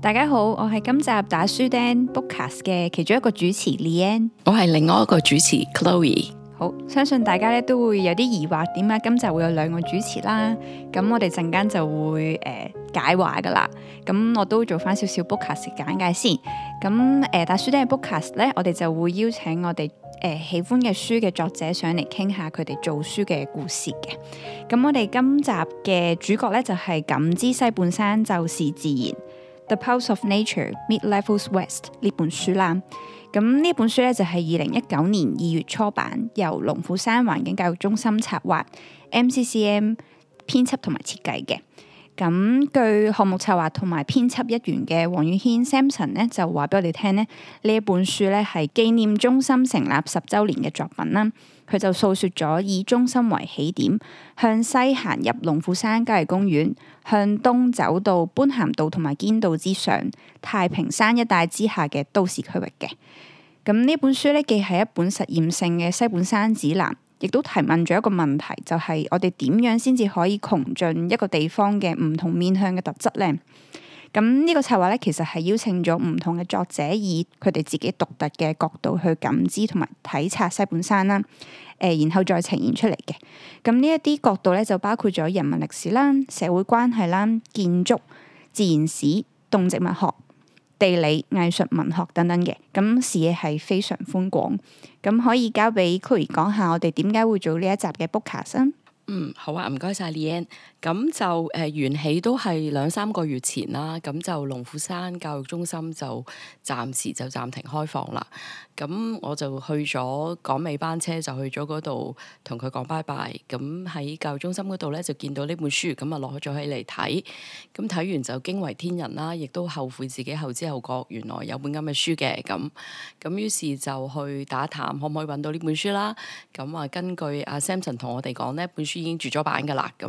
大家好，我係今集打書釘 bookcast 嘅其中一個主持 Leanne，我係另外一個主持 Chloe。好，相信大家咧都會有啲疑惑，點解今集會有兩個主持啦？咁我哋陣間就會誒、呃、解話噶啦。咁我都做翻少少 bookcast 簡介先。咁誒、呃，打書釘 bookcast 咧，我哋就會邀請我哋誒、呃、喜歡嘅書嘅作者上嚟傾下佢哋做書嘅故事嘅。咁我哋今集嘅主角咧就係、是《感知西半山就是自然》。《The Pulse of Nature: Mid Levels West》呢本書啦，咁呢本書咧就係二零一九年二月初版，由龍虎山環境教育中心策劃、MCCM 編輯同埋設計嘅。咁，據項目策劃同埋編輯一員嘅黃宇軒 Samson 咧，就話俾我哋聽咧，呢一本書咧係紀念中心成立十週年嘅作品啦。佢就訴說咗以中心為起點，向西行入龍虎山郊野公園，向東走到般咸道同埋堅道之上，太平山一帶之下嘅都市區域嘅。咁呢本書咧，既係一本實驗性嘅西半山指南。亦都提問咗一個問題，就係、是、我哋點樣先至可以窮盡一個地方嘅唔同面向嘅特質呢？咁呢個策劃咧，其實係邀請咗唔同嘅作者，以佢哋自己獨特嘅角度去感知同埋體察西半山啦。誒、呃，然後再呈現出嚟嘅。咁呢一啲角度咧，就包括咗人文歷史啦、社會關係啦、建築、自然史、動植物學。地理、藝術、文學等等嘅，咁視野係非常寬廣。咁可以交俾 Chloe 講下，我哋點解會做呢一集嘅 Bookcast？嗯，好啊，唔該晒，Leanne。 咁就誒，緣、呃、起都係兩三個月前啦。咁就龍虎山教育中心就暫時就暫停開放啦。咁我就去咗趕尾班車，就去咗嗰度同佢講拜拜。咁喺教育中心嗰度咧，就見到呢本書，咁啊攞咗起嚟睇。咁睇完就驚為天人啦，亦都後悔自己後知後覺,覺，原來有本噉嘅書嘅。咁咁於是就去打探可唔可以揾到呢本書啦。咁啊，根據阿 Samson 同我哋講呢本書已經絕咗版噶啦。咁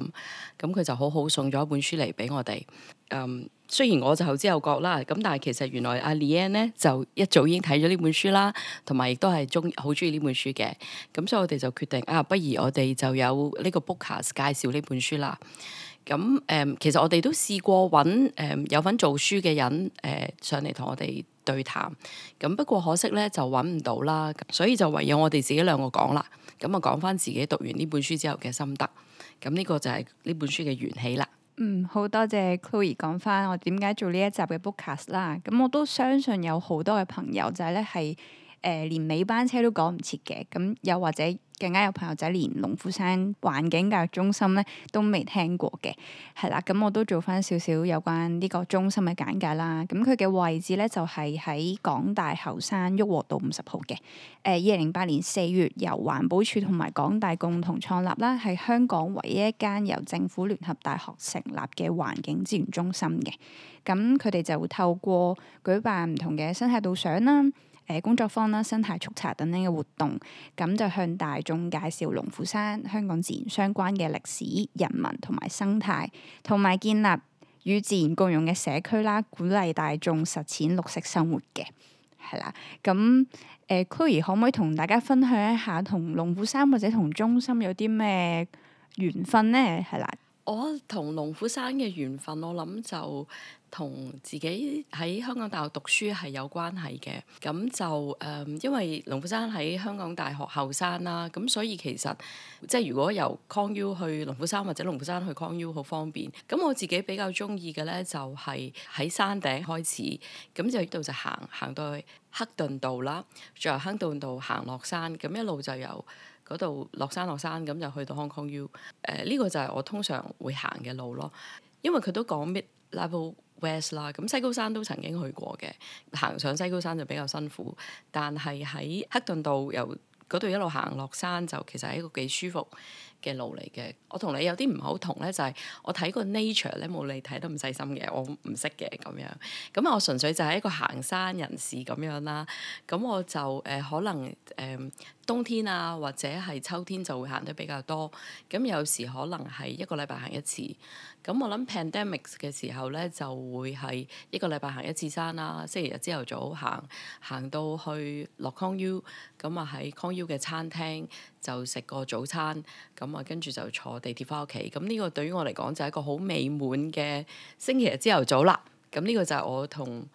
咁佢就好好送咗一本書嚟俾我哋。嗯，雖然我就後知後覺啦，咁但係其實原來阿 Leanne 咧就一早已經睇咗呢本書啦，同埋亦都係中好中意呢本書嘅。咁、嗯、所以我哋就決定啊，不如我哋就有呢個 Bookcast 介紹呢本書啦。咁、嗯、誒，其實我哋都試過揾誒、嗯、有份做書嘅人誒、呃、上嚟同我哋對談。咁、嗯、不過可惜咧就揾唔到啦，所以就唯有我哋自己兩個講啦。咁啊講返自己讀完呢本書之後嘅心得。咁呢個就係呢本書嘅緣起啦。嗯，好多謝 Chloe 講翻我點解做呢一集嘅 bookcast 啦。咁我都相信有好多嘅朋友仔就係咧係。誒、呃、連尾班車都趕唔切嘅，咁、呃、又或者更加有朋友仔連龍虎山環境教育中心咧都未聽過嘅，係啦。咁、嗯、我都做翻少少有關呢個中心嘅簡介啦。咁佢嘅位置咧就係喺港大後山旭龢道五十號嘅。誒、呃，二零零八年四月由環保署同埋港大共同創立啦，係香港唯一一間由政府聯合大學成立嘅環境資源中心嘅。咁佢哋就會透過舉辦唔同嘅生態導賞啦。誒、工作坊啦、生態速查等等嘅活動，咁就向大眾介紹龍虎山香港自然相關嘅歷史、人文同埋生態，同埋建立與自然共融嘅社區啦，鼓勵大眾實踐綠色生活嘅係啦。咁誒，Chloe 可唔可以同大家分享一下同龍虎山或者同中心有啲咩緣分呢？係啦。我同龍虎山嘅緣分，我諗就同自己喺香港大學讀書係有關係嘅。咁就誒、呃，因為龍虎山喺香港大學後山啦，咁所以其實即係如果由 c 康 U 去龍虎山或者龍虎山去 c 康 U 好方便。咁我自己比較中意嘅咧，就係、是、喺山頂開始，咁就呢度就行行到去克頓道啦，再由克頓道行落山，咁一路就由。嗰度落山落山咁就去到 Hong Kong U，誒呢、呃呢個就係我通常會行嘅路咯，因為佢都講 Mid Level West 啦，咁西高山都曾經去過嘅，行上西高山就比較辛苦，但係喺克頓道由嗰度一路行落山就其實係一個幾舒服嘅路嚟嘅。我同你有啲唔好同咧，就係、係、我睇個 Nature 咧冇你睇得咁細心嘅，我唔識嘅咁樣，咁啊我純粹就係一個行山人士咁樣啦，咁我就誒、呃、可能誒。呃冬天啊，或者係秋天就會行得比較多。咁有時可能係一個禮拜行一次。咁我諗 pandemics 嘅時候咧，就會係一個禮拜行一次山啦。星期日朝頭早行，行到去落康 U，咁啊喺康 U 嘅餐廳就食個早餐。咁啊跟住就坐地鐵翻屋企。咁呢個對於我嚟講就係一個好美滿嘅星期日朝頭早啦。咁呢個就係我同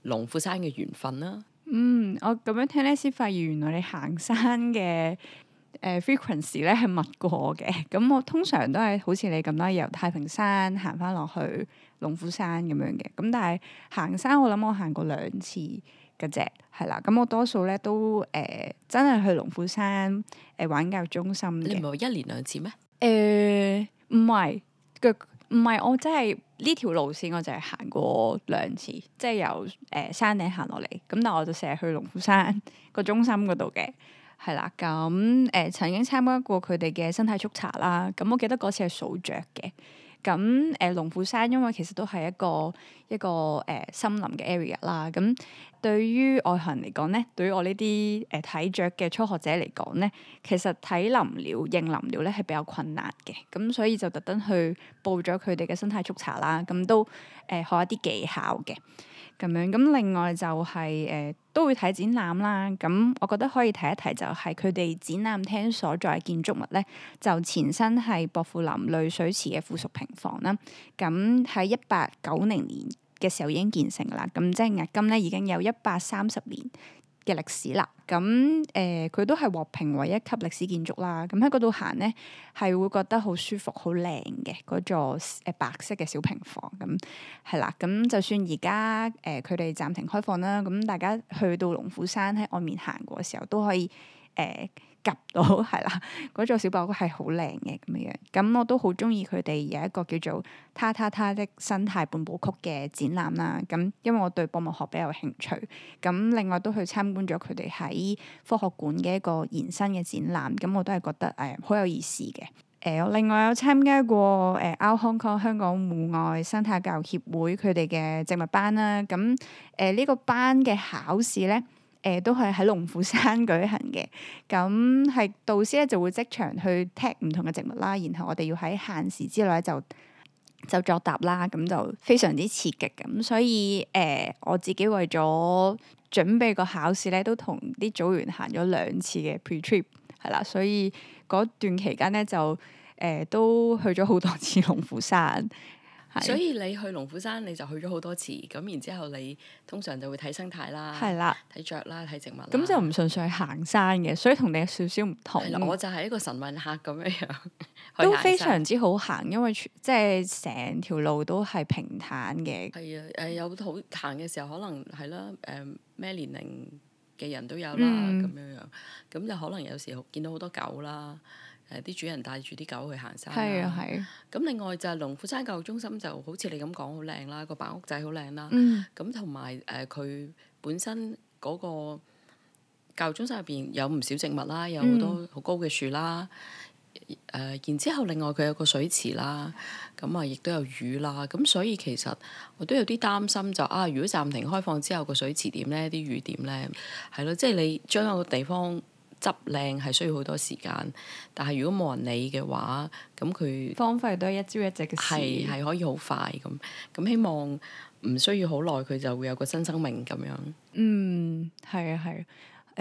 龍虎山嘅緣分啦。嗯，我咁樣聽咧先發現，原來你行山嘅誒 frequency 咧係密過嘅。咁、呃我，嗯、我通常都係好似你咁啦，由太平山行翻落去龍虎山咁樣嘅。咁、嗯、但係行山，我諗我行過兩次嘅啫，係啦。咁、嗯、我多數咧都誒、呃、真係去龍虎山誒、呃、玩教育中心嘅。你唔係一年兩次咩？誒唔係嘅。唔係，我真係呢條路線，我就係行過兩次，即、就、係、是、由誒、呃、山頂行落嚟。咁但我就成日去龍虎山個中心嗰度嘅，係啦。咁、嗯、誒、呃、曾經參加過佢哋嘅生態速查啦。咁、嗯、我記得嗰次係數雀嘅。咁誒龍虎山，因為其實都係一個一個誒、呃、森林嘅 area 啦。咁對於外行嚟講咧，對於我呢啲誒睇雀嘅初學者嚟講咧，其實睇林鳥、認林鳥咧係比較困難嘅。咁所以就特登去報咗佢哋嘅生態速查啦。咁都誒、呃、學一啲技巧嘅。咁樣，咁另外就係、是、誒、呃、都會睇展覽啦。咁、嗯、我覺得可以提一提、就是，就係佢哋展覽廳所在建築物咧，就前身係薄扶林濾水池嘅附屬平房啦。咁喺一八九零年嘅時候已經建成啦。咁、嗯、即係現今咧已經有一百三十年嘅歷史啦，咁誒佢都係獲評為一級歷史建築啦。咁喺嗰度行咧，係會覺得好舒服、好靚嘅嗰座、呃、白色嘅小平房。咁、嗯、係啦，咁、嗯、就算而家誒佢哋暫停開放啦，咁、嗯、大家去到龍虎山喺外面行過嘅時候都可以誒。呃及到係啦，嗰座小白屋係好靚嘅咁樣，咁我都好中意佢哋有一個叫做《他、他、他的生態半部曲》嘅展覽啦。咁因為我對博物學比較有興趣，咁另外都去參觀咗佢哋喺科學館嘅一個延伸嘅展覽，咁我都係覺得誒好、嗯、有意思嘅。誒、呃，我另外有參加過誒 Out Hong Kong 香港戶外生態教育協會佢哋嘅植物班啦。咁誒呢個班嘅考試咧。誒都係喺龍虎山舉行嘅，咁係導師咧就會即場去 test 唔同嘅植物啦，然後我哋要喺限時之內就就作答啦，咁就非常之刺激咁，所以誒、呃、我自己為咗準備個考試咧，都同啲組員行咗兩次嘅 pre trip 係啦，所以嗰段期間咧就誒、呃、都去咗好多次龍虎山。所以你去龍虎山你就去咗好多次，咁然之後你通常就會睇生態啦，睇雀的啦，睇植物，咁就唔純粹行山嘅，所以同你有少少唔同。我就係一個神運客咁樣樣， 山都非常之好行，因為即係成條路都係平坦嘅。係啊，誒有好行嘅時候，可能係啦，誒咩、呃、年齡嘅人都有啦，咁樣、嗯、樣，咁就可能有時候見到好多狗啦。誒啲、啊、主人帶住啲狗去行山啦，係啊，係。咁、啊、另外就係龍虎山教育中心，就好似你咁講，好靚啦，個白屋仔好靚啦。咁同埋誒，佢、啊呃、本身嗰個教育中心入邊有唔少植物啦，有好多好高嘅樹啦。誒、嗯啊，然之後另外佢有個水池啦，咁啊亦都有魚啦。咁所以其實我都有啲擔心就，就啊，如果暫停開放之後個水池點咧，啲魚點咧？係咯，即、就、係、是、你將一個地方。執靚係需要好多時間，但係如果冇人理嘅話，咁佢荒廢都係一朝一夕嘅事，係可以好快咁。咁希望唔需要好耐，佢就會有個新生命咁樣。嗯，係啊，係。誒、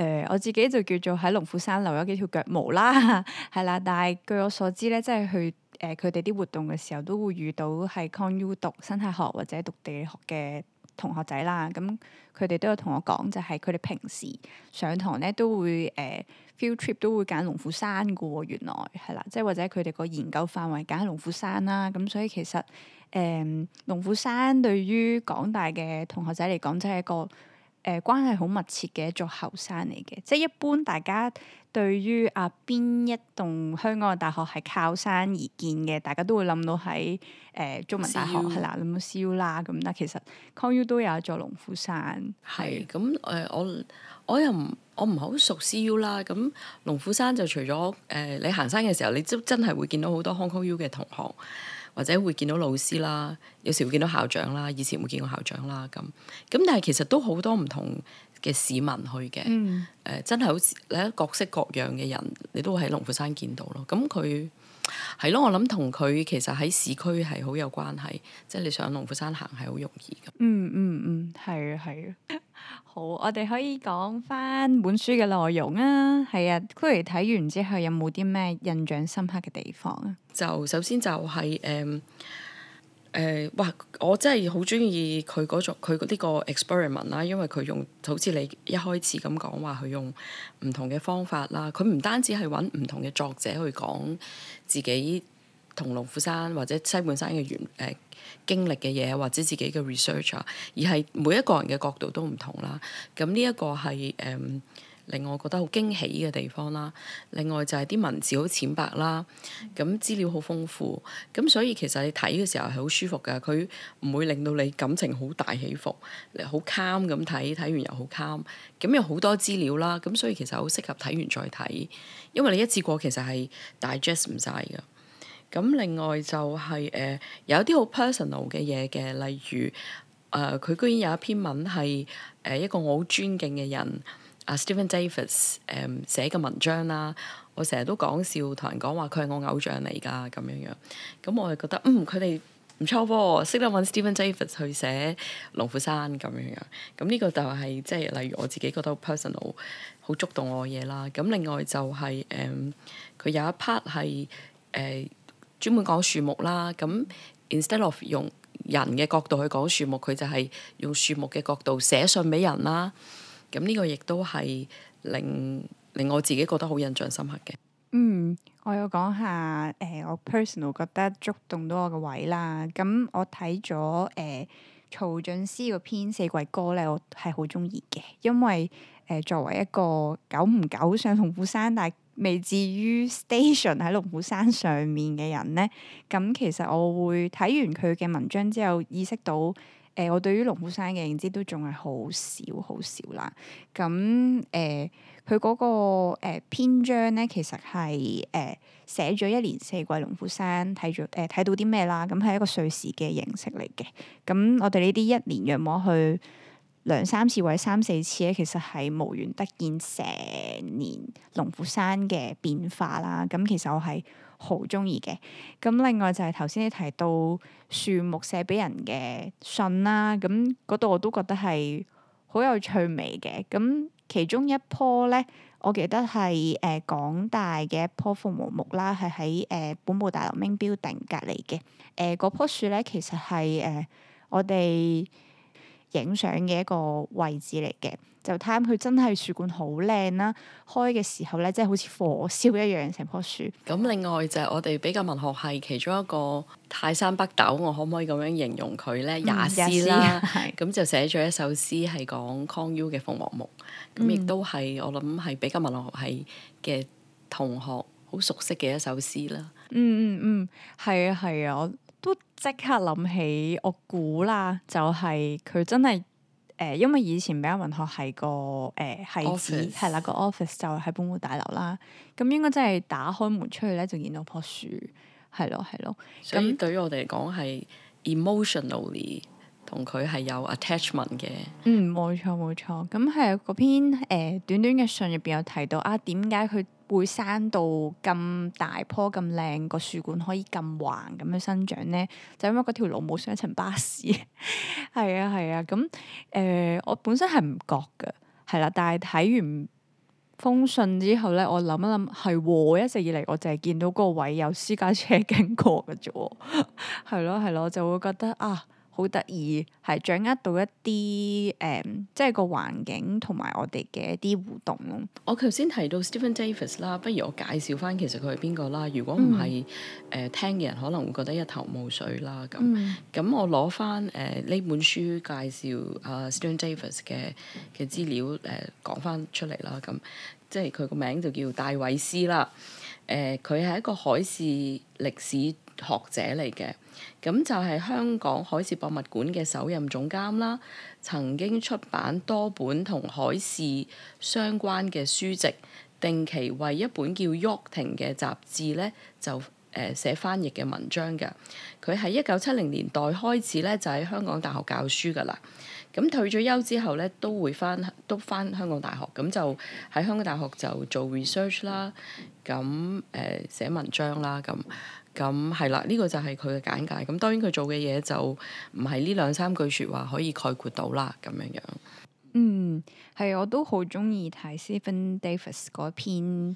呃，我自己就叫做喺龍虎山留咗幾條腳毛啦，係 啦。但係據我所知咧，即、就、係、是、去誒佢哋啲活動嘅時候，都會遇到係 con u 讀生態學或者讀地理學嘅。同學仔啦，咁佢哋都有同我講，就係佢哋平時上堂咧都會誒 field trip 都會揀龍虎山噶、哦、原來係啦，即係或者佢哋個研究範圍揀龍虎山啦，咁所以其實誒、呃、龍虎山對於港大嘅同學仔嚟講，真係一個。誒、呃、關係好密切嘅一座後山嚟嘅，即係一般大家對於啊邊一棟香港嘅大學係靠山而建嘅，大家都會諗到喺誒、呃、中文大學係 C. 啦，諗到 CU 啦咁，但其實 HKU 都有一座龍虎山，係咁誒，我我又唔我唔係好熟 CU 啦、嗯，咁龍虎山就除咗誒、呃、你行山嘅時候，你都真係會見到好多 Hong Kong U 嘅同學。或者會見到老師啦，有時會見到校長啦，以前會見過校長啦咁。咁但係其實都好多唔同嘅市民去嘅，誒、嗯呃、真係好似咧各色各樣嘅人，你都會喺龍虎山見到咯。咁佢係咯，我諗同佢其實喺市區係好有關係，即係你上龍虎山行係好容易嘅、嗯。嗯嗯嗯，係啊係啊。好，我哋可以講翻本書嘅內容啊。係啊，Chloe 睇完之後有冇啲咩印象深刻嘅地方啊？就首先就係誒誒，哇！我真係好中意佢嗰種佢呢個 experiment 啦，因為佢用好似你一開始咁講話，佢用唔同嘅方法啦，佢唔單止係揾唔同嘅作者去講自己。同龍虎山或者西半山嘅原誒、呃、經歷嘅嘢，或者自己嘅 research 啊，而係每一個人嘅角度都唔同啦。咁呢一個係誒、嗯、令我覺得好驚喜嘅地方啦。另外就係啲文字好淺白啦，咁資料好豐富，咁所以其實你睇嘅時候係好舒服嘅，佢唔會令到你感情好大起伏，好 calm 咁睇，睇完又好 calm。咁有好多資料啦，咁所以其實好適合睇完再睇，因為你一次過其實係 digest 唔晒嘅。咁另外就係、是、誒、呃、有啲好 personal 嘅嘢嘅，例如誒佢、呃、居然有一篇文係誒、呃、一個我好尊敬嘅人阿、啊、Stephen Davis 誒、呃、寫嘅文章啦。我成日都講笑同人講話佢係我偶像嚟㗎咁樣樣。咁我係覺得嗯佢哋唔錯喎，識得揾 Stephen Davis 去寫《龍虎山》咁樣樣。咁呢個就係、是、即係例如我自己覺得好 personal、好觸動我嘅嘢啦。咁另外就係誒佢有一 part 係。誒、呃。專門講樹木啦，咁 instead of 用人嘅角度去講樹木，佢就係用樹木嘅角度寫信俾人啦。咁呢個亦都係令令我自己覺得好印象深刻嘅。嗯，我要講下誒、呃，我 personal 覺得觸動到我嘅位啦。咁我睇咗誒曹俊斯個篇《四季歌》咧，我係好中意嘅，因為誒、呃、作為一個久唔久上龍虎山大，但係未至於 station 喺龍虎山上面嘅人咧，咁其實我會睇完佢嘅文章之後，意識到誒、呃、我對於龍虎山嘅認知都仲係好少好少啦。咁誒佢嗰個、呃、篇章咧，其實係誒寫咗一年四季龍虎山睇咗誒睇到啲咩啦。咁係一個瑞士嘅形式嚟嘅。咁我哋呢啲一年約摸去，兩三次或者三四次咧，其實係無緣得見成年龍虎山嘅變化啦。咁其實我係好中意嘅。咁另外就係頭先你提到樹木寫俾人嘅信啦。咁嗰度我都覺得係好有趣味嘅。咁其中一棵咧，我記得係誒、呃、港大嘅一棵鳳凰木啦，係喺誒本部大樓 Main Building 隔籬嘅。誒、呃、嗰棵樹咧，其實係誒、呃、我哋。影相嘅一個位置嚟嘅，就睇下佢真係樹冠好靚啦，開嘅時候呢，即係好似火燒一樣成棵樹。咁另外就係我哋比較文學係其中一個泰山北斗，我可唔可以咁樣形容佢呢？咧？也斯啦，咁、嗯、就寫咗一首詩係講康雍嘅鳳凰木，咁亦都係、嗯、我諗係比較文學系嘅同學好熟悉嘅一首詩啦。嗯嗯嗯，係啊係啊，我。即刻諗起，我估啦，就係、是、佢真係誒、呃，因為以前比較文學個、呃、係個誒係指係啦個 office 就係本部大樓啦，咁應該真係打開門出去咧就見到棵樹，係咯係咯，咁對於我哋嚟講係 emotionally 同佢係有 attachment 嘅。嗯，冇錯冇錯，咁係嗰篇誒、呃、短短嘅信入邊有提到啊，點解佢會生到咁大棵咁靚個樹冠可以咁橫咁樣生長咧，就是、因為嗰條路冇雙層巴士。係啊係啊，咁誒、啊呃，我本身係唔覺嘅，係啦、啊，但係睇完封信之後咧，我諗一諗係喎，我一直以嚟我就係見到嗰個位有私家車經過嘅啫喎，係咯係咯，啊啊、就會覺得啊～好得意，係掌握到一啲誒、嗯，即係個環境同埋我哋嘅一啲互動咯。我頭先提到 Stephen Davis 啦，不如我介紹翻其實佢係邊個啦？如果唔係誒聽嘅人可能會覺得一頭霧水啦。咁咁，嗯、我攞翻誒呢本書介紹啊、呃、Stephen Davis 嘅嘅資料誒講翻出嚟啦。咁、嗯、即係佢個名就叫戴維斯啦。誒、呃，佢係一個海事歷史學者嚟嘅，咁就係香港海事博物館嘅首任總監啦。曾經出版多本同海事相關嘅書籍，定期為一本叫《鬱廷》嘅雜誌咧，就誒寫、呃、翻譯嘅文章嘅。佢喺一九七零年代開始咧，就喺香港大學教書噶啦。咁退咗休之後咧，都會翻都翻香港大學，咁就喺香港大學就做 research 啦，咁誒寫文章啦，咁。咁係啦，呢個就係佢嘅簡介。咁當然佢做嘅嘢就唔係呢兩三句説話可以概括到啦，咁樣樣。嗯，係我都好中意睇 Stephen Davis 嗰篇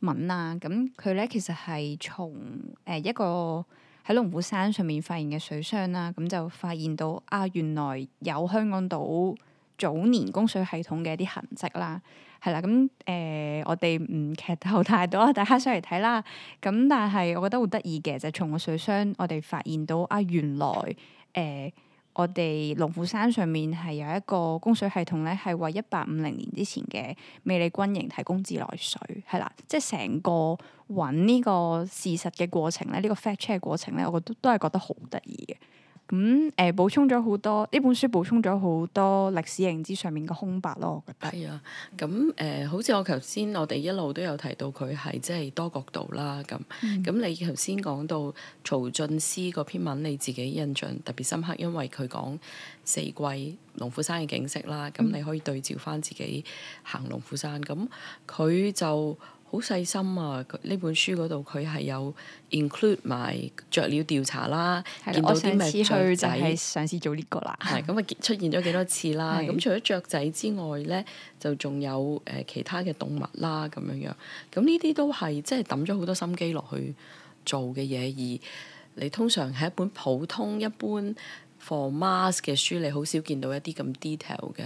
文啊。咁佢咧其實係從誒一個喺龍虎山上面發現嘅水箱啦，咁就發現到啊，原來有香港島早年供水系統嘅一啲痕跡啦。係啦，咁誒、呃，我哋唔劇透太多啦，大家上嚟睇啦。咁但係我覺得好得意嘅就係、是、從個水箱，我哋發現到啊，原來誒、呃，我哋龍虎山上面係有一個供水系統咧，係為一八五零年之前嘅美利軍營提供自來水。係啦，即係成個揾呢個事實嘅過程咧，呢、這個 fact check 嘅過程咧，我都都覺得都係覺得好得意嘅。咁誒、嗯呃，補充咗好多，呢本書補充咗好多歷史認知上面嘅空白咯，我覺得。係啊，咁誒、呃，好似我頭先我哋一路都有提到佢係即係多角度啦，咁咁、嗯、你頭先講到曹晉思嗰篇文，你自己印象特別深刻，因為佢講四季龍虎山嘅景色啦，咁你可以對照翻自己行龍虎山，咁佢就。好細心啊！呢本書嗰度佢係有 include 埋雀鳥調查啦，的見到啲咩雀仔。上次，上次做呢個啦，係咁啊，出現咗幾多次啦。咁的除咗雀仔之外咧，就仲有誒其他嘅動物啦，咁樣樣。咁呢啲都係即係抌咗好多心機落去做嘅嘢，而你通常係一本普通一般 for mask 嘅書，你好少見到一啲咁 detail 嘅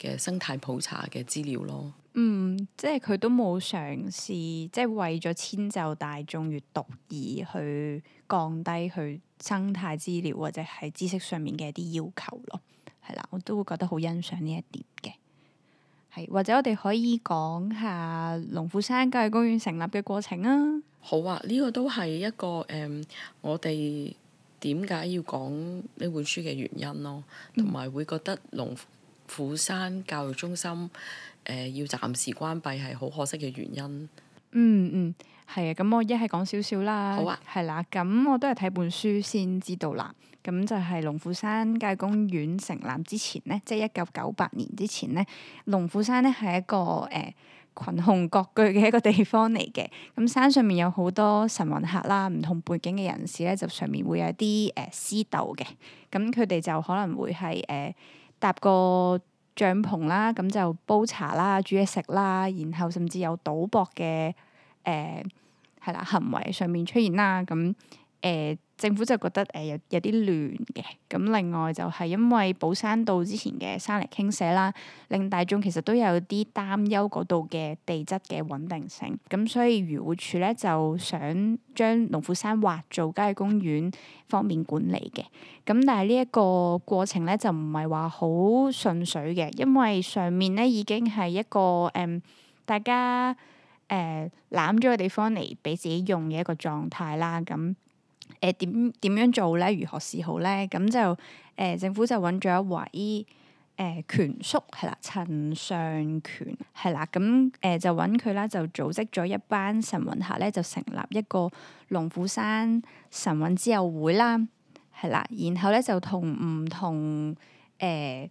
嘅生態普查嘅資料咯。嗯，即係佢都冇嘗試，即係為咗遷就大眾閱讀而去降低佢生態資料或者係知識上面嘅一啲要求咯，係啦，我都會覺得好欣賞呢一點嘅。係或者我哋可以講下龍虎山郊野公園成立嘅過程啊。好啊，呢、這個都係一個誒，um, 我哋點解要講呢本書嘅原因咯，同埋會覺得龍虎山教育中心。誒、呃、要暫時關閉係好可惜嘅原因。嗯嗯，係、嗯、啊，咁我一係講少少啦，好啊，係啦，咁我都係睇本書先知道啦。咁就係龍虎山郊野公園成立之前咧，即係一九九八年之前咧，龍虎山咧係一個誒羣、呃、雄割據嘅一個地方嚟嘅。咁山上面有好多神魂客啦，唔同背景嘅人士咧，就上面會有一啲誒、呃、私鬥嘅。咁佢哋就可能會係誒、呃、搭個帳篷啦，咁就煲茶啦、煮嘢食啦，然後甚至有賭博嘅誒，係啦行為上面出現啦，咁誒。 政府就覺得誒有有啲亂嘅，咁另外就係因為寶山道之前嘅山泥傾瀉啦，令大眾其實都有啲擔憂嗰度嘅地質嘅穩定性。咁、嗯、所以漁護署咧就想將龍虎山劃做郊野公園方便管理嘅。咁、嗯、但係呢一個過程咧就唔係話好順水嘅，因為上面咧已經係一個誒、呃、大家誒攬咗嘅地方嚟俾自己用嘅一個狀態啦。咁、嗯。誒，點點、呃、樣做咧？如何是好咧？咁就誒、呃，政府就揾咗一位誒、呃、權叔係啦，陳尚權係啦，咁誒、嗯呃、就揾佢啦，就組織咗一班晨運客咧，就成立一個龍虎山晨運之友會啦，係啦，然後咧就同唔同誒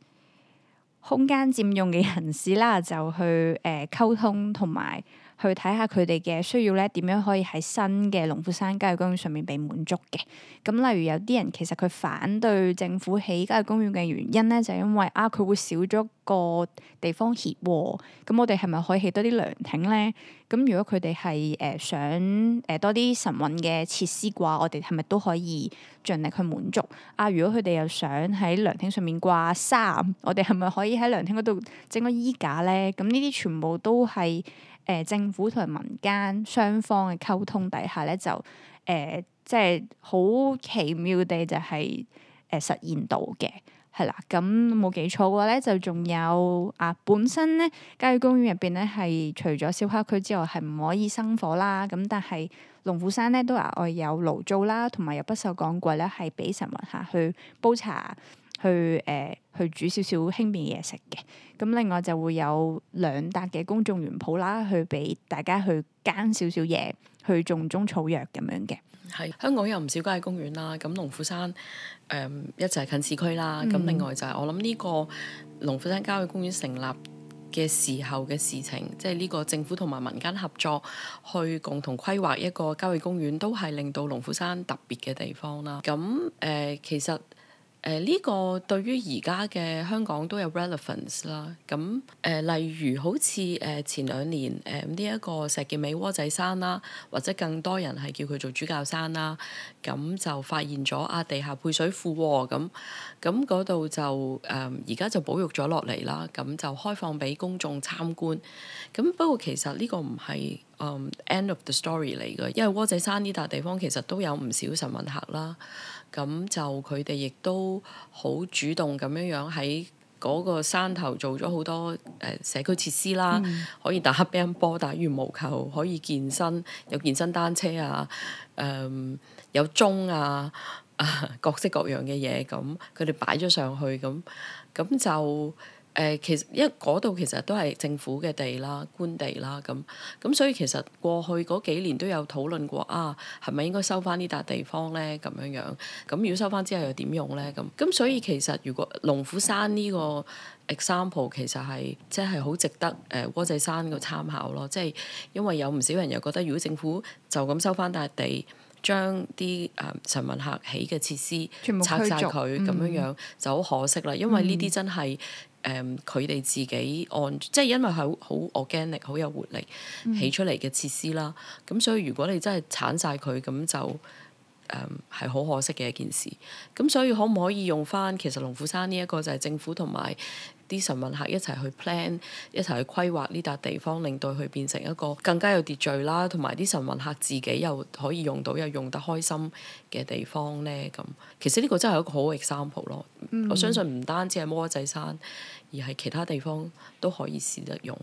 空間佔用嘅人士啦，就去誒溝、呃、通同埋。去睇下佢哋嘅需要咧，點樣可以喺新嘅龍虎山郊野公園上面被滿足嘅？咁、嗯、例如有啲人其實佢反對政府起郊野公園嘅原因咧，就係、因為啊，佢會少咗個地方 hea 咁我哋係咪可以起多啲涼亭咧？咁、嗯、如果佢哋係誒想誒、呃、多啲晨運嘅設施嘅話，我哋係咪都可以盡力去滿足？啊，如果佢哋又想喺涼亭上面掛衫，我哋係咪可以喺涼亭嗰度整個衣架咧？咁呢啲全部都係。誒、呃、政府同埋民間雙方嘅溝通底下咧，就誒、呃、即係好奇妙地就係、是、誒、呃、實現到嘅，係啦。咁、嗯、冇記錯嘅話咧，就仲有啊，本身咧，郊野公園入邊咧係除咗燒烤區之外係唔可以生火啦。咁但係龍虎山咧都額外有爐灶啦，同埋有不鏽鋼櫃咧係俾市民下去煲茶。去誒、呃、去煮少少輕便嘢食嘅，咁另外就會有兩笪嘅公眾園圃啦，去俾大家去耕少少嘢，去種中草藥咁樣嘅。係香港有唔少郊野公園啦，咁龍虎山誒、嗯、一就係近市區啦。咁、嗯、另外就係、是、我諗呢個龍虎山郊野公園成立嘅時候嘅事情，即係呢個政府同埋民間合作去共同規劃一個郊野公園，都係令到龍虎山特別嘅地方啦。咁誒、呃、其實。誒呢、呃這個對於而家嘅香港都有 relevance 啦，咁誒、呃、例如好似誒、呃、前兩年誒呢一個石硤尾窩仔山啦，或者更多人係叫佢做主教山啦，咁就發現咗啊地下配水庫喎，咁咁嗰度就誒而家就保育咗落嚟啦，咁就開放俾公眾參觀。咁不過其實呢個唔係誒 end of the story 嚟嘅，因為窩仔山呢笪地方其實都有唔少神文客啦。咁就佢哋亦都好主動咁樣樣喺嗰個山頭做咗好多誒、呃、社區設施啦，嗯、可以打乒乓波、打羽毛球、可以健身，有健身單車啊，誒、嗯、有鐘啊，啊，各式各樣嘅嘢，咁佢哋擺咗上去，咁咁就。誒，其實因為嗰度其實都係政府嘅地啦，官地啦咁，咁所以其實過去嗰幾年都有討論過啊，係咪應該收翻呢笪地方咧？咁樣樣咁，如果收翻之後又點用咧？咁咁所以其實如果龍虎山呢個 example 其實係即係好值得誒，窩、呃、仔山個參考咯，即係因為有唔少人又覺得如果政府就咁收翻笪地，將啲誒市民客起嘅設施拆晒佢咁樣樣就好可惜啦，因為呢啲真係～、嗯誒，佢哋自己按，即係因為係好 organic，好有活力起出嚟嘅設施啦。咁、嗯、所以如果你真係鏟晒佢，咁就誒係好可惜嘅一件事。咁所以可唔可以用翻？其實龍虎山呢一個就係政府同埋，啲晨運客一齊去 plan，一齊去規劃呢笪地方，令到佢變成一個更加有秩序啦，同埋啲晨運客自己又可以用到又用得開心嘅地方咧。咁其實呢個真係一個好嘅 example 咯。嗯、我相信唔單止係摩仔山。而係其他地方都可以試得用，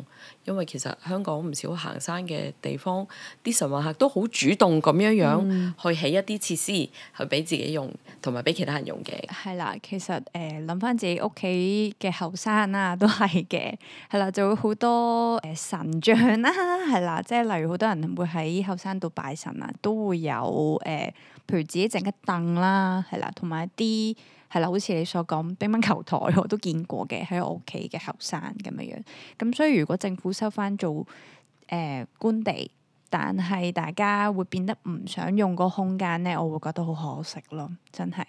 因為其實香港唔少行山嘅地方，啲神話客都好主動咁樣樣去起一啲設施、嗯、去俾自己用，同埋俾其他人用嘅。係啦，其實誒諗翻自己屋企嘅後山啊，都係嘅。係啦，就會好多誒、呃、神像啦，係啦，即係例如好多人會喺後山度拜神啊，都會有誒、呃，譬如自己整一凳啦，係啦，同埋一啲。係啦，好似你所講，乒乓球台我都見過嘅，喺我屋企嘅後山咁樣樣。咁所以如果政府收翻做誒、呃、官地，但係大家會變得唔想用個空間咧，我會覺得好可惜咯，真係。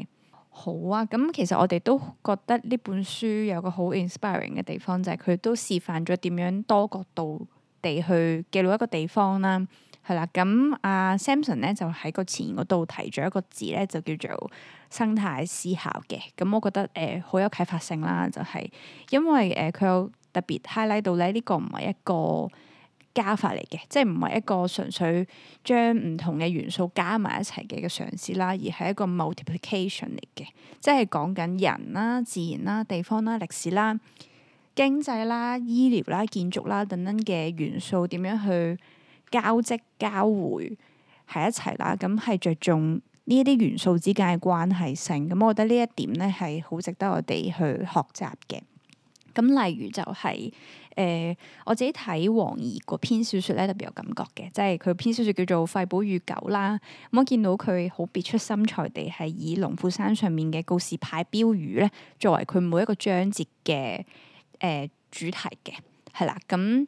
好啊，咁其實我哋都覺得呢本書有個好 inspiring 嘅地方，就係、是、佢都示範咗點樣多角度地去記錄一個地方啦。係啦，咁阿、啊、Samson 咧就喺個前嗰度提咗一個字咧，就叫做生態思考嘅。咁我覺得誒好、呃、有啟發性啦，就係、係、因為誒佢、呃、有特別 highlight 到咧，呢、呢個唔係一個加法嚟嘅，即係唔係一個純粹將唔同嘅元素加埋一齊嘅嘅嘗試啦，而係一個 multiplication 嚟嘅，即係講緊人啦、自然啦、地方啦、歷史啦、經濟啦、醫療啦、建築啦等等嘅元素點樣去，交織交匯係一齊啦，咁係着重呢一啲元素之間嘅關係性，咁我覺得呢一點咧係好值得我哋去學習嘅。咁例如就係、是、誒、呃，我自己睇王爾嗰篇小說咧特別有感覺嘅，即係佢篇小說叫做《廢堡與狗》啦。咁我見到佢好別出心裁地係以龍虎山上面嘅告示牌標語咧作為佢每一個章節嘅誒、呃、主題嘅，係啦咁。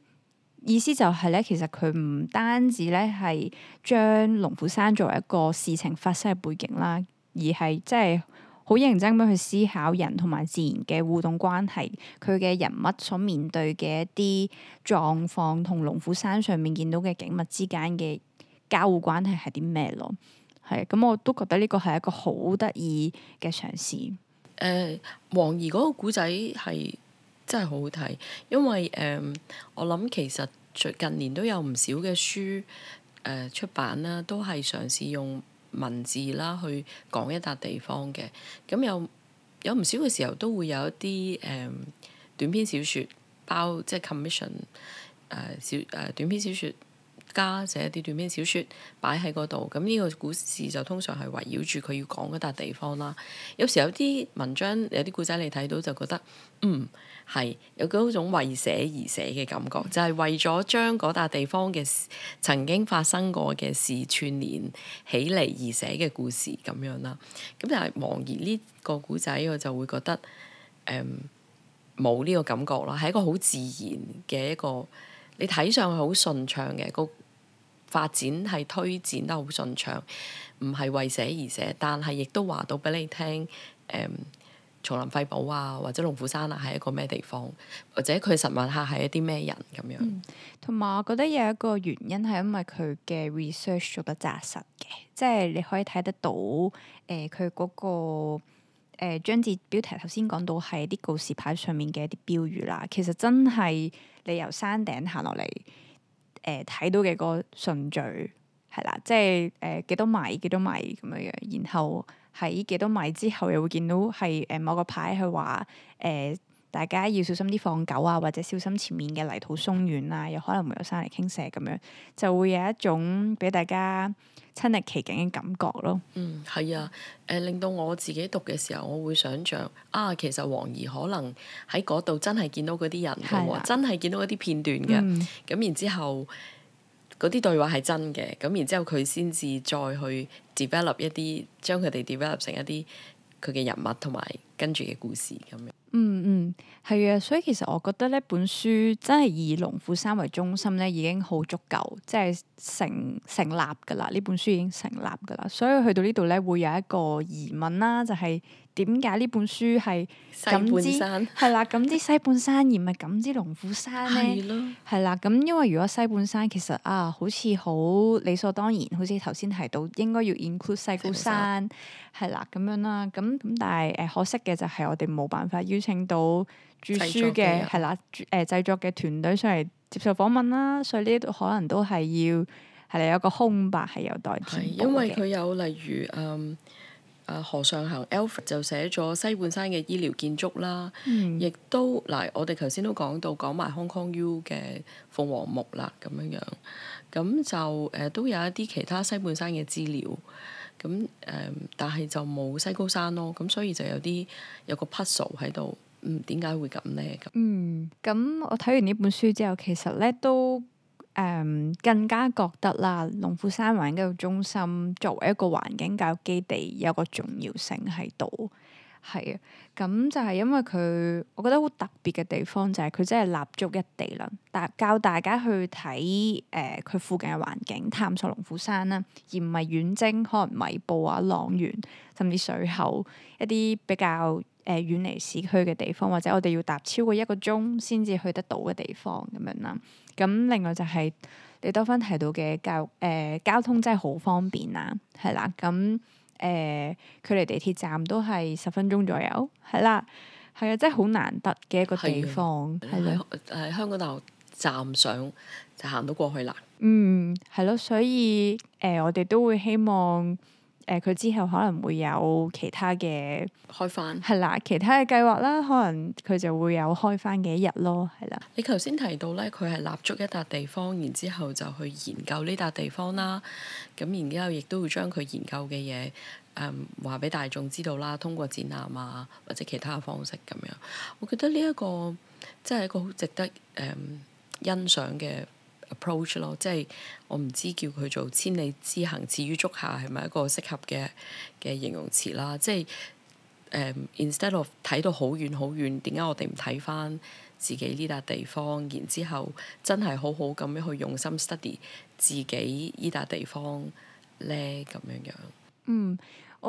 意思就係咧，其實佢唔單止咧係將龍虎山作為一個事情發生嘅背景啦，而係即係好認真咁樣去思考人同埋自然嘅互動關係，佢嘅人物所面對嘅一啲狀況同龍虎山上面見到嘅景物之間嘅交互關係係啲咩咯？係咁，我都覺得呢個係一個好得意嘅嘗試。誒、呃，黃怡嗰個古仔係。真係好好睇，因為誒、呃，我諗其實近年都有唔少嘅書誒、呃、出版啦，都係嘗試用文字啦去講一笪地方嘅，咁有有唔少嘅時候都會有一啲誒、呃、短篇小説包即係 commission 誒、呃、小誒、呃、短篇小説。家寫一啲短篇小説擺喺嗰度，咁呢個故事就通常係圍繞住佢要講嗰笪地方啦。有時有啲文章有啲古仔你睇到就覺得，嗯，係有嗰種為寫而寫嘅感覺，就係、是、為咗將嗰笪地方嘅曾經發生過嘅事串連起嚟而寫嘅故事咁樣啦。咁但係《望兒》呢個古仔，我就會覺得，誒、嗯，冇呢個感覺啦，係一個好自然嘅一個。你睇上去好順暢嘅，個發展係推展得好順暢，唔係為寫而寫，但係亦都話到俾你聽，誒、嗯，松林廢堡啊，或者龍虎山啊，係一個咩地方，或者佢實物客係一啲咩人咁樣。同埋、嗯、我覺得有一個原因係因為佢嘅 research 做得紮實嘅，即、就、係、是、你可以睇得到誒佢嗰個。誒，章節標題頭先講到係啲告示牌上面嘅一啲標語啦，其實真係你由山頂行落嚟，誒、呃，睇到嘅個順序係啦，即係誒、呃、幾多米幾多米咁樣樣，然後喺幾多米之後又會見到係誒某個牌係話誒。呃大家要小心啲放狗啊，或者小心前面嘅泥土鬆軟啊，有可能會有山泥傾瀉咁樣，就會有一種俾大家親歷其境嘅感覺咯。嗯，係啊，誒、呃、令到我自己讀嘅時候，我會想象啊，其實王怡可能喺嗰度真係見到嗰啲人、啊、真係見到嗰啲片段嘅，咁、嗯、然之後嗰啲對話係真嘅，咁然之後佢先至再去 develop 一啲，將佢哋 develop 成一啲。佢嘅人物同埋跟住嘅故事咁樣，嗯嗯，係啊，所以其實我覺得呢本書真係以龍虎山為中心咧，已經好足夠，即係成成立噶啦。呢本書已經成立噶啦，所以去到呢度咧，會有一個疑問啦，就係、是。點解呢本書係感知？係啦？感知西半山，西半山而唔係感知龍虎山咧？係啦的，咁因為如果西半山其實啊，好似好理所當然，好似頭先提到應該要 include 西高山係啦咁樣啦。咁咁但係誒、呃、可惜嘅就係我哋冇辦法邀請到著書嘅係啦誒製作嘅團隊上嚟接受訪問啦。所以呢度可能都係要係有個空白係有待填補，因為佢有例如嗯。啊，何尚行 Alfred 就寫咗西半山嘅醫療建築啦，亦、嗯、都嗱，我哋頭先都講到講埋 Hong Kong U 嘅鳳凰木啦，咁樣樣咁就誒、呃、都有一啲其他西半山嘅資料咁誒、嗯，但係就冇西高山咯，咁所以就有啲有個 puzzle 喺度，嗯，點解會咁咧？嗯，咁我睇完呢本書之後，其實咧都。誒、um, 更加覺得啦，龍虎山環境教育中心作為一個環境教育基地，有個重要性喺度係啊。咁就係因為佢，我覺得好特別嘅地方就係、是、佢真係立足一地啦，大教大家去睇誒佢附近嘅環境，探索龍虎山啦，而唔係遠征可能米埔啊、塱原甚至水口一啲比較。誒、呃、遠離市區嘅地方，或者我哋要搭超過一個鐘先至去得到嘅地方咁樣啦。咁另外就係你多芬提到嘅交誒交通真係好方便啦，係啦。咁誒、呃、距離地鐵站都係十分鐘左右，係啦，係啊，真係好難得嘅一個地方，係咯的。喺的香港大學站上就行到過去啦。嗯，係咯，所以誒、呃、我哋都會希望。誒佢、呃、之後可能會有其他嘅開翻，係啦，其他嘅計劃啦，可能佢就會有開翻嘅一日咯，係啦。你頭先提到咧，佢係立足一笪地方，然之後就去研究呢笪地方啦。咁然之後亦都會將佢研究嘅嘢誒話俾大眾知道啦，通過展覽啊或者其他嘅方式咁樣。我覺得呢、這個、一個即係一個好值得誒、嗯、欣賞嘅 approach 咯，即係我唔知叫佢做千里之行始於足下係咪一個適合嘅嘅形容詞啦，即係、um, instead of 睇到好遠好遠，點解我哋唔睇翻自己呢笪地方？然之後真係好好咁樣去用心 study 自己呢笪地方咧，咁樣樣。嗯。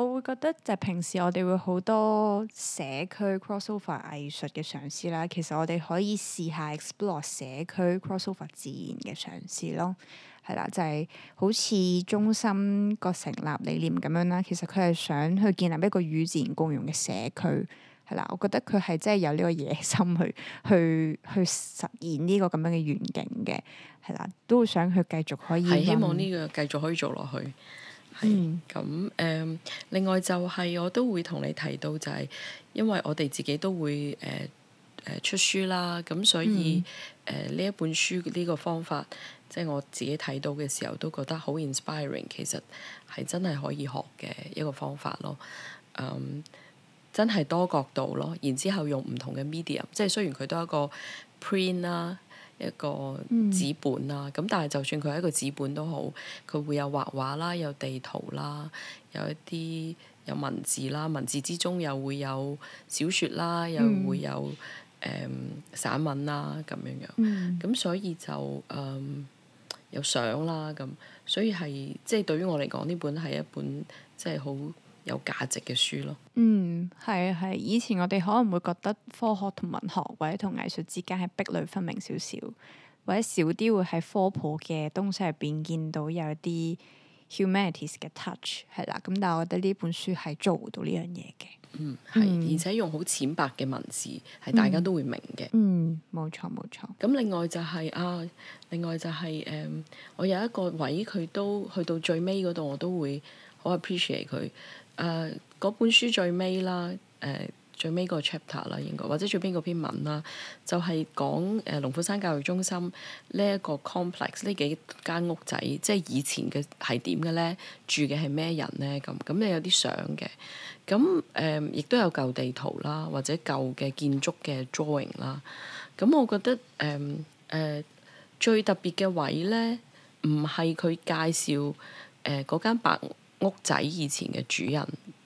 我會覺得就係平時我哋會好多社區 crossover 藝術嘅嘗試啦，其實我哋可以試下 explore 社區 crossover 自然嘅嘗試咯，係啦，就係、是、好似中心個成立理念咁樣啦，其實佢係想去建立一個與自然共融嘅社區，係啦，我覺得佢係真係有呢個野心去去去實現呢個咁樣嘅願景嘅，係啦，都會想去繼續可以希望呢個繼續可以做落去。係咁誒，嗯、另外就係我都會同你提到，就係因為我哋自己都會誒誒、呃呃、出書啦，咁所以誒呢一本書呢個方法，即、就、係、是、我自己睇到嘅時候都覺得好 inspiring，其實係真係可以學嘅一個方法咯。嗯，真係多角度咯，然之後用唔同嘅 medium，即係雖然佢都係一個 print 啦、啊。一個紙本啦，咁、嗯、但係就算佢係一個紙本都好，佢會有畫畫啦，有地圖啦，有一啲有文字啦，文字之中又會有小説啦，嗯、又會有誒散、呃、文啦咁樣樣，咁、嗯、所以就誒、呃、有相啦，咁，所以係即係對於我嚟講呢本係一本即係好。即係有價值嘅書咯。嗯，係啊，係。以前我哋可能會覺得科學同文學或者同藝術之間係壁壘分明少少，或者少啲會喺科普嘅東西入邊見到有啲 humanities 嘅 touch 係啦。咁但係我覺得呢本書係做到呢樣嘢嘅。嗯，係，嗯、而且用好淺白嘅文字，係大家都會明嘅、嗯。嗯，冇錯，冇錯。咁另外就係、係、啊，另外就係、係、誒、嗯，我有一個位佢都去到最尾嗰度，我都會好 appreciate 佢。誒嗰、uh, 本書最尾啦，誒、呃、最尾個 chapter 啦，應該或者最邊嗰篇文啦、啊，就係、是、講誒、呃、龍虎山教育中心呢一個 complex 呢幾間屋仔，即係以前嘅係點嘅咧？住嘅係咩人咧？咁咁你有啲相嘅，咁誒亦都有舊地圖啦，或者舊嘅建築嘅 drawing 啦。咁我覺得誒誒、呃呃、最特別嘅位咧，唔係佢介紹誒嗰、呃、間白屋仔以前嘅主人，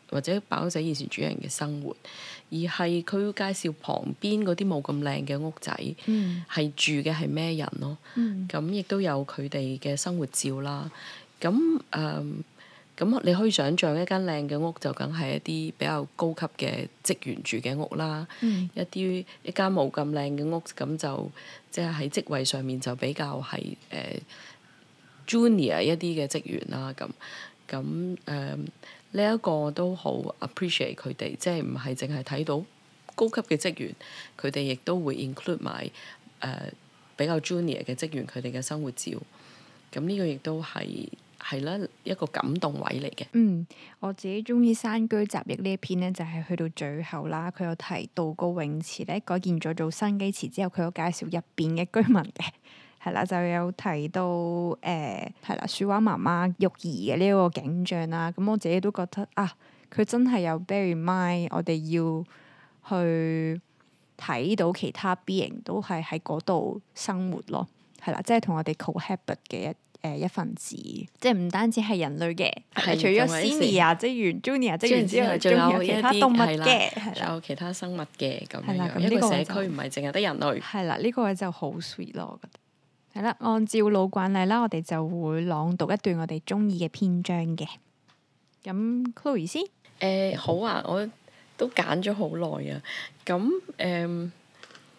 或者包仔以前主人嘅生活，而係佢會介紹旁邊嗰啲冇咁靚嘅屋仔，係、mm. 住嘅係咩人咯。咁亦、mm. 都有佢哋嘅生活照啦。咁誒，咁、呃、你可以想象一間靚嘅屋就梗係一啲比較高級嘅職員住嘅屋啦。Mm. 一啲一間冇咁靚嘅屋，咁就即係喺職位上面就比較係誒、呃、junior 一啲嘅職員啦。咁。咁誒呢一個都好 appreciate 佢哋，即係唔係淨係睇到高級嘅職員，佢哋亦都會 include 埋誒比較 junior 嘅職員，佢哋嘅生活照。咁呢個亦都係係啦一個感動位嚟嘅。嗯，我自己鍾意山居集邑呢一篇咧，就係去到最後啦，佢有提到個泳池咧改建咗做新機池之後，佢有介紹入邊嘅居民嘅。係啦，就有提到誒係啦，樹畫媽媽育兒嘅呢個景象啦。咁我自己都覺得啊，佢真係有 bear in mind，我哋要去睇到其他 beings 都係喺嗰度生活咯。係啦，即係同我哋 cohabit 嘅一誒一份子，即係唔單止係人類嘅，係除咗 senior 即原 junior 即係然之後仲有其他動物嘅，仲有其他生物嘅咁樣樣一個社區，唔係淨係得人類。係啦，呢個就好 sweet 咯。我覺得。係啦，按照老慣例啦，我哋就會朗讀一段我哋中意嘅篇章嘅。咁 Chloe 先。誒、呃、好啊！我都揀咗好耐啊。咁誒、呃，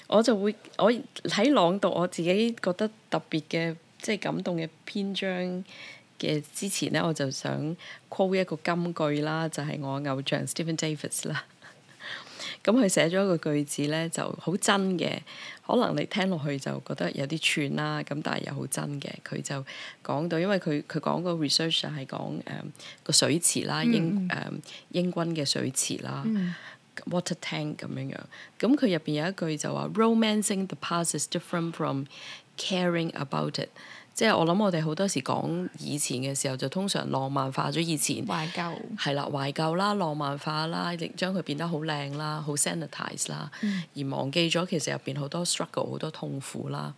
我就會我喺朗讀我自己覺得特別嘅，即係感動嘅篇章嘅之前咧，我就想 call 一個金句啦，就係、是、我偶像 Steven Davis 啦。咁佢寫咗一個句子咧，就好真嘅。可能你聽落去就覺得有啲串啦，咁但係又好真嘅。佢就講到，因為佢佢講個 research 係講誒、um, 個水池啦，嗯、英誒、um, 英軍嘅水池啦、嗯、water tank 咁樣樣。咁佢入邊有一句就話，romancing the past is different from caring about it。即係我諗，我哋好多時講以前嘅時候，就通常浪漫化咗以前，係啦懷舊、懷舊啦、浪漫化啦，令將佢變得好靚啦、好 sanitize 啦，嗯、而忘記咗其實入邊好多 struggle 好多痛苦啦。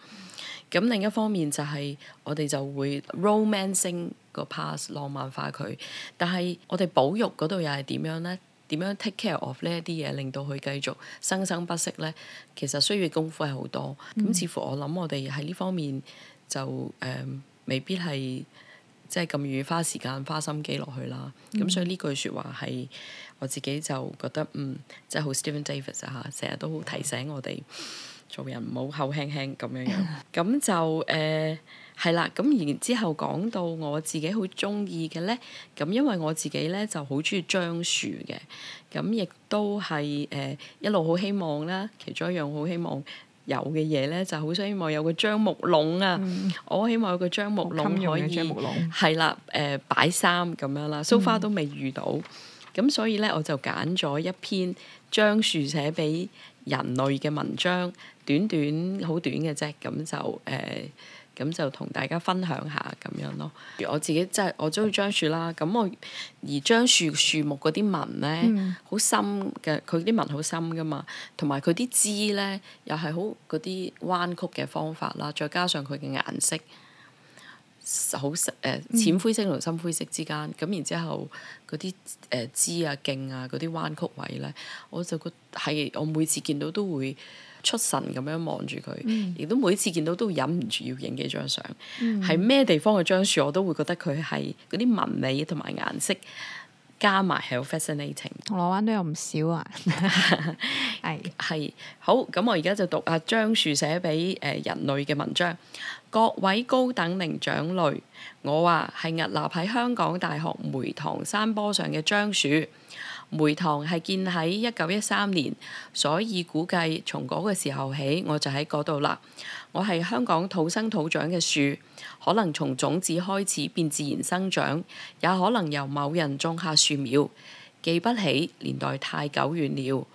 咁、嗯、另一方面就係我哋就會 romancing 個 past 浪漫化佢，但係我哋保育嗰度又係點樣呢？點樣 take care of 呢一啲嘢，令到佢繼續生生不息呢？其實需要功夫係好多咁，嗯、似乎我諗我哋喺呢方面。就誒、呃，未必係即係咁願意花時間花心機落去啦。咁、嗯、所以呢句説話係我自己就覺得嗯，即係好 Stephen Davis 啊，成日都好提醒我哋做人唔好口輕輕咁樣樣。咁、嗯、就誒係、呃、啦。咁然後之後講到我自己好中意嘅咧，咁因為我自己咧就好中意樟樹嘅。咁亦都係誒一路好希望啦，其中一樣好希望。有嘅嘢咧，就好希望有個樟木籠啊！嗯、我希望有個樟木籠，木籠可以，係啦，誒、呃、擺衫咁樣啦，So far、嗯、都未遇到，咁所以咧我就揀咗一篇樟樹寫俾人類嘅文章，短短好短嘅啫，咁就誒。呃咁就同大家分享下咁樣咯。我自己真、就、係、係、我中意樟樹啦。咁我而樟樹樹木嗰啲紋咧，好、嗯、深嘅佢啲紋好深噶嘛，同埋佢啲枝咧又係好嗰啲彎曲嘅方法啦，再加上佢嘅顏色，好深誒淺灰色同深灰色之間。咁、嗯、然之後嗰啲誒枝啊、莖啊嗰啲彎曲位咧，我就覺得係我每次見到都會，出神咁樣望住佢，嗯、亦都每次見到都忍唔住要影幾張相。係咩、嗯、地方嘅樟樹，我都會覺得佢係嗰啲紋理同埋顏色加埋係好 fascinating。銅鑼灣都有唔少啊，係 係 是好。咁我而家就讀阿樟樹寫俾誒人類嘅文章。各位高等靈長類，我話係屹立喺香港大學梅堂山坡上嘅樟樹。梅堂係建喺一九一三年，所以估計從嗰個時候起我就喺嗰度啦。我係香港土生土長嘅樹，可能從種子開始便自然生長，也可能由某人種下樹苗。記不起年代太久遠了，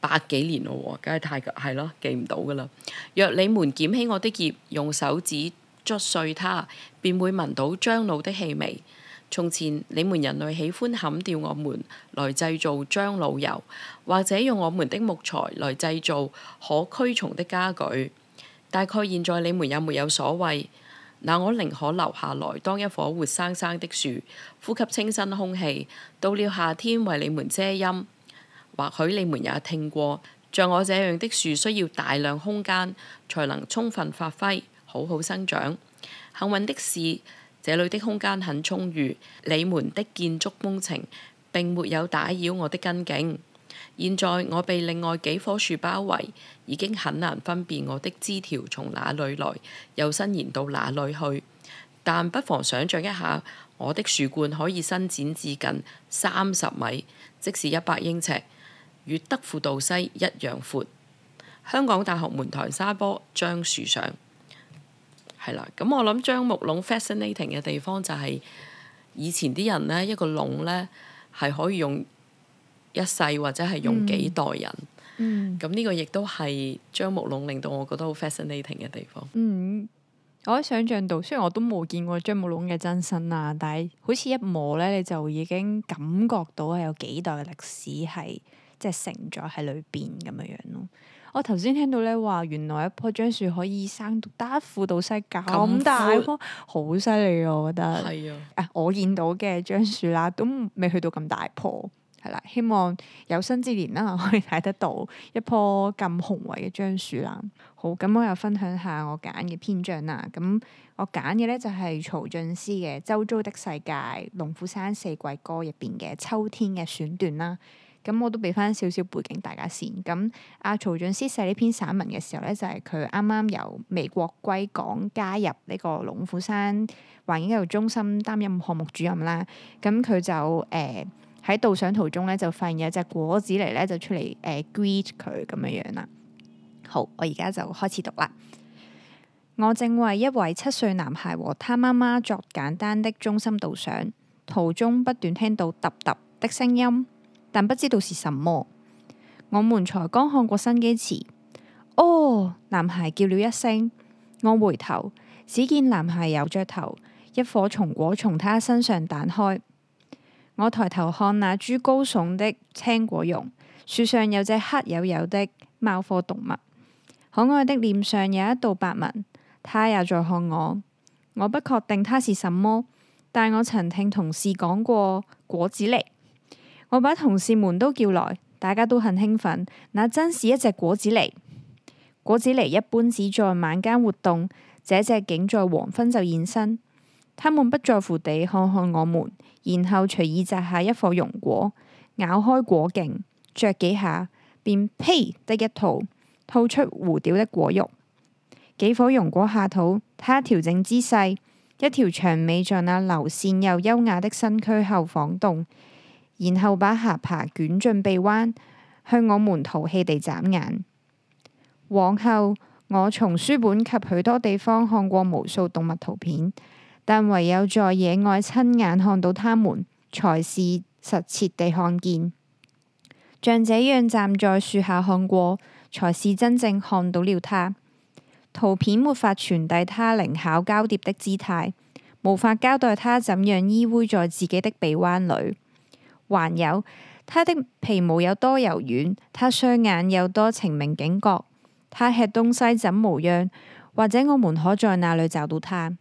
百幾年咯喎，梗係太久係咯，記唔到噶啦。若你們撿起我的葉，用手指捽碎它，便會聞到樟腦的氣味。從前你們人類喜歡砍掉我們來製造樟腦油，或者用我們的木材來製造可驅蟲的家具。大概現在你們也沒有所謂，那我寧可留下來當一棵活生生的樹，呼吸清新空氣。到了夏天為你們遮陰，或許你們也聽過，像我這樣的樹需要大量空間才能充分發揮，好好生長。幸運的是。這裏的空間很充裕，你們的建築工程並沒有打擾我的根景。現在我被另外幾棵樹包圍，已經很難分辨我的枝條從哪裏來，又伸延到哪裏去。但不妨想像一下，我的樹冠可以伸展至近三十米，即是一百英尺，與德輔道西一樣闊。香港大學門台沙坡樟樹上。係啦，咁我諗樟木籠 fascinating 嘅地方就係以前啲人咧，一個籠咧係可以用一世或者係用幾代人。咁呢個亦都係樟木籠令到我覺得好 fascinating 嘅地方。嗯，我可以想象到，雖然我都冇見過樟木籠嘅真身啊，但係好似一摸咧，你就已經感覺到係有幾代嘅歷史係即係存在喺裏邊咁樣樣咯。我頭先聽到你話，原來一棵樟樹可以生到東富到西郊咁大棵，好犀利啊！我覺得，誒，我見到嘅樟樹啦，都未去到咁大棵，係啦。希望有生之年啦，可以睇得到一棵咁雄偉嘅樟樹啦。好，咁我又分享下我揀嘅篇章啦。咁我揀嘅咧就係曹俊斯嘅《周遭的世界》《龍虎山四季歌》入邊嘅秋天嘅選段啦。咁我都俾翻少少背景大家先。咁阿、啊、曹俊思寫呢篇散文嘅時候呢，就係佢啱啱由美國歸港，加入呢個龍虎山環境教育中心擔任項目主任啦。咁佢就誒喺、呃、導賞途中呢，就發現有隻果子嚟呢，就出嚟誒、呃、，greet 佢咁樣樣啦。好，我而家就開始讀啦。我正為一位七歲男孩和他媽媽作簡單的中心導賞，途中不斷聽到「揼揼」的聲音。但不知道是什麼，我們才剛看過新機詞。哦，男孩叫了一聲。我回頭，只見男孩搖着頭，一顆松果從他身上彈開。我抬頭看那株高聳的青果榕，樹上有隻黑黝黝的貓科動物，可愛的臉上有一道白紋。他也在看我，我不確定他是什麼，但我曾聽同事講過果子狸。我把同事們都叫來，大家都很興奮。那真是一隻果子狸。果子狸一般只在晚間活動，這隻竟在黃昏就現身。他們不在乎地看看我們，然後隨意摘下一顆榕果，咬開果莖，嚼幾下，便呸的一吐，吐出糊掉的果肉。幾顆榕果下肚，它調整姿勢，一條長尾在那流線又優雅的身軀後晃動。然後把下巴捲進臂彎，向我們淘氣地眨眼。往後，我從書本及許多地方看過無數動物圖片，但唯有在野外親眼看到它們，才是實切地看見。像這樣站在樹下看過，才是真正看到了它。圖片沒法傳遞它靈巧交疊的姿態，無法交代它怎樣依偎在自己的臂彎裏。還有，它的皮毛有多柔軟，它雙眼有多澄明警覺，它吃東西怎模樣，或者我們可在哪裏找到它？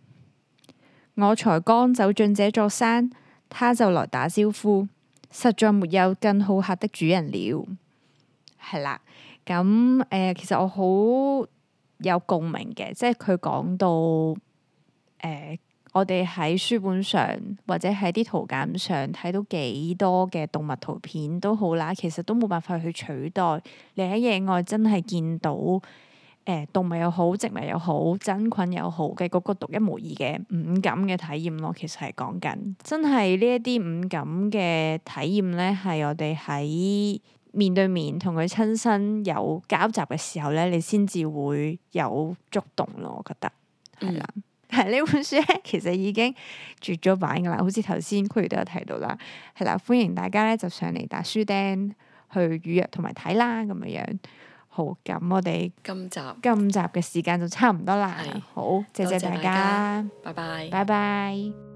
我才剛走進這座山，它就來打招呼，實在沒有更好客的主人了。係啦，咁誒、呃，其實我好有共鳴嘅，即係佢講到誒。呃我哋喺書本上或者喺啲圖鑒上睇到幾多嘅動物圖片都好啦，其實都冇辦法去取代你喺野外真係見到誒、呃、動物又好，植物又好，真菌又好嘅嗰個獨一無二嘅五感嘅體驗咯。其實係講緊真係呢一啲五感嘅體驗咧，係我哋喺面對面同佢親身有交集嘅時候咧，你先至會有觸動咯。我覺得係啦。嗯但係呢本書咧，其實已經絕咗版㗎喇，好似頭先 Chloe 都有提到啦，係啦，歡迎大家咧就上嚟打書釘去預約同埋睇啦，咁樣樣。好，咁我哋今集嘅時間就差唔多啦，的好，謝謝大家，大家拜拜，拜拜。